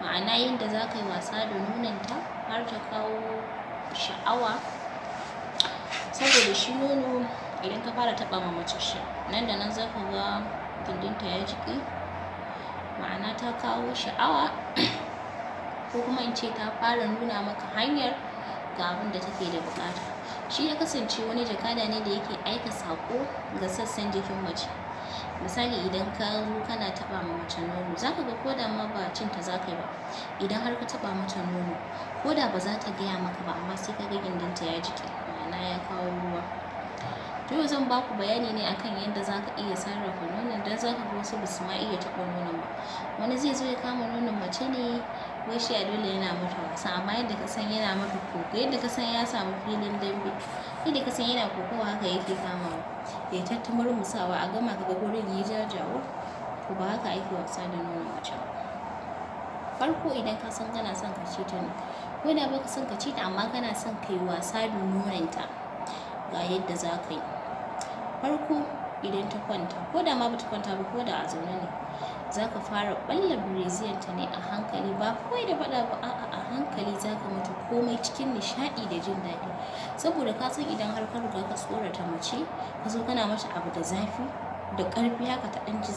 ma'ana yadda za ka yi wasa da nononta har ta kawo sha'awa saboda shi nono idan ka fara taɓa ma mace shi nan da nan za ka ga gindinta ya jiƙi ma'ana ta kawo sha'awa ko kuma in ce ta fara nuna maka hanyar ga abin da take da buƙata shi ya kasance wani jakada ne da yake aika saƙo ga sassan jikin mace misali idan ka zo kana taɓa ma mace nono za ka ga ko da ma ba cin ta za ka yi ba idan har ka taba mata nono ko da ba za ta gaya maka ba amma sai ka ga ta ya jike ma'ana ya kawo ruwa to zan zan baku bayani ne akan yadda za ka iya sarrafa nonon dan za ka ga wasu ba su ma iya taɓa nonon ba wani zai zo ya kama nonon mace ne wai shi a dole yana mata wasa amma yadda ka san yana mata koko yadda ka san ya samu filin dambe yadda ka san yana kokowa haka yake kamawa ya tattamar musawa a gama ga gurin yi jajawa ko ba haka ake wasa da nuna mace farko idan ka san kana son ka ci ta ne ko da baka son ka ci ta amma kana son ka yi wasa da nononta ga yadda za ka yi farko idan ta kwanta ko da ma bata kwanta ba ko da a zaune ne ka fara balla brazier ta ne a hankali ba kawai da faɗa ba a'a a hankali za ka mata komai cikin nishaɗi da jin daɗi saboda ka san idan har ka riga ka tsorata mace ka zo kana mata abu da zafi da ƙarfi haka ta ɗan ji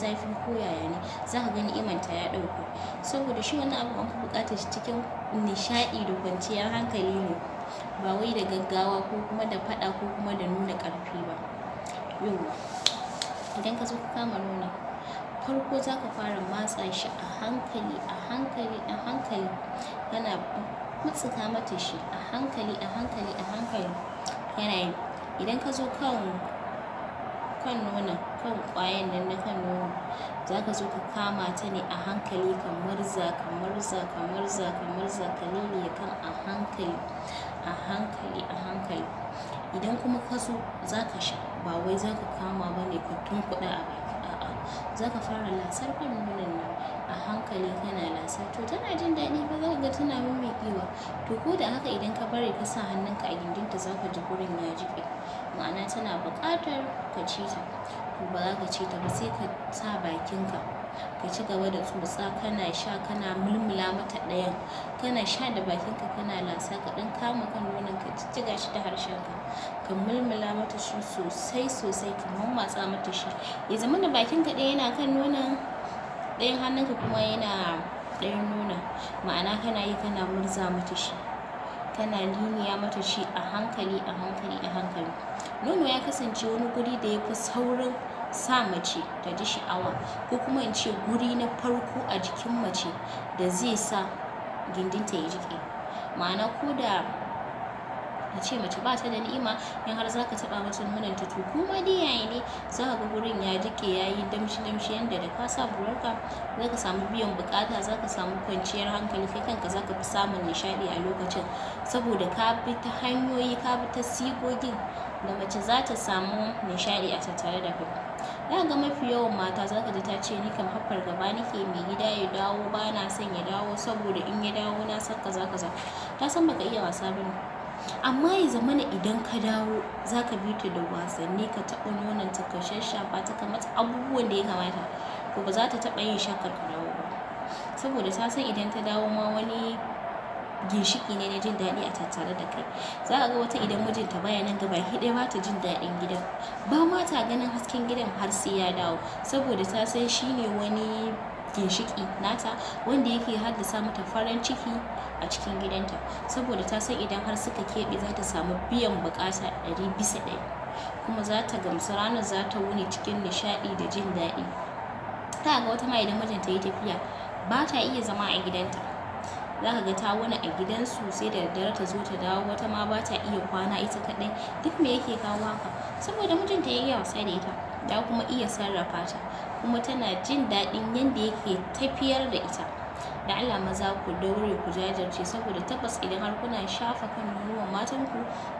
ko yaya ne za ka gani imanta ya ɗauka saboda shi wannan abu an fi buƙatar shi cikin nishaɗi da kwanciyar hankali ne ba wai da gaggawa ko kuma da faɗa ko kuma da nuna ƙarfi ba yauwa idan ka zo ka kama nuna farko za ka fara matsa shi a hankali a hankali a hankali kana mutsuka mata shi a hankali a hankali a hankali yana yi idan ka zo kan kan nonon kan kwayan nan na kan nuna za ka zo ka kama ta ne a hankali kamar za kamar za kamar za ka za ka liliye kan a hankali a hankali a hankali idan kuma ka so za ka sha ba wai za ka kama ba ne ka kuɗa a baki a'a za ka fara lasar kan nonon nan a hankali kana lasa to tana jin daɗi ba za ka ga tana mimmiƙewa to ko da haka idan ka bari ka sa hannunka a gindinta za ka ji gurin ya jiƙe ma'ana tana buƙatar ka ci ta ba za ka ci ta ba sai ka sa bakinka ka ci gaba da tsotsa kana sha kana mulmula mata ɗayan kana sha da bakinka kana lasa ka ɗan kama kan nonon ka cicciga shi da harshenka ka mulmula mata shi sosai sosai ka mammatsa mata shi ya zama da bakinka ɗaya yana kan nonon ɗayan hannunka kuma yana ɗayan nonon ma'ana kana yi kana murza mata shi kana liniya mata shi a hankali a hankali a hankali nono ya kasance wani guri da ya fi saurin sa mace ta ji sha'awa ko kuma in ce guri na farko a jikin mace da zai sa gindinta ya jiki ma'ana ko da a ce mace ba ta da ni'ima in har za ka taɓa mata ta to kuma dai yayi ne za ka ga gurin ya jike ya yi damshi damshi yadda da ka sa burarka za ka samu biyan bukata za ka samu kwanciyar hankali kai kanka za ka fi samun nishaɗi a lokacin saboda ka bi ta hanyoyi ka bi ta sigogin da mace za ta samu nishaɗi a tattare da kai za ga mafi yawan mata za ka ji ta ce ni kam haffar gaba nake mai gida ya dawo ba na son ya dawo saboda in ya dawo na san ka za ka za ta san baka iya wasa ba ne amma ya zama na idan ka dawo za ka bi ta da wasanni ka taɓa ta ka shashafa ta ka abubuwan da ya kamata to ba za ta taɓa yin shakar ka dawo ba saboda ta san idan ta dawo ma wani ginshiki ne na jin daɗi a tattare da kai za ka ga wata idan mijinta baya nan gaba hidai ba ta jin daɗin gidan ba ma ta ganin hasken gidan har sai ya dawo saboda ta san shi ne wani ginshiki nata wanda yake haddasa mata farin ciki a cikin gidanta saboda ta san idan har suka keɓe za ta samu biyan bukata ɗari bisa ɗari kuma za ta gamsu ranar za ta wuni cikin nishaɗi da jin daɗi ta ga wata ma idan mijinta ya tafiya ba ta iya zama a gidanta za ka ga ta wani a gidansu sai da daddare ta zo ta dawo wata ma ba ta iya kwana ita kaɗai duk me yake kawo haka saboda mijinta ya yi wasa da ita ya kuma iya sarrafa ta kuma tana jin daɗin yadda yake tafiyar da ita da Allah maza ku daure ku jajirce saboda tabbas idan har kuna shafa kan nonuwan matanku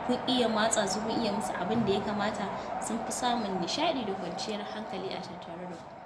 kun iya matsa su kun iya musu abin da ya kamata sun fi samun nishaɗi da kwanciyar hankali a tattare da ku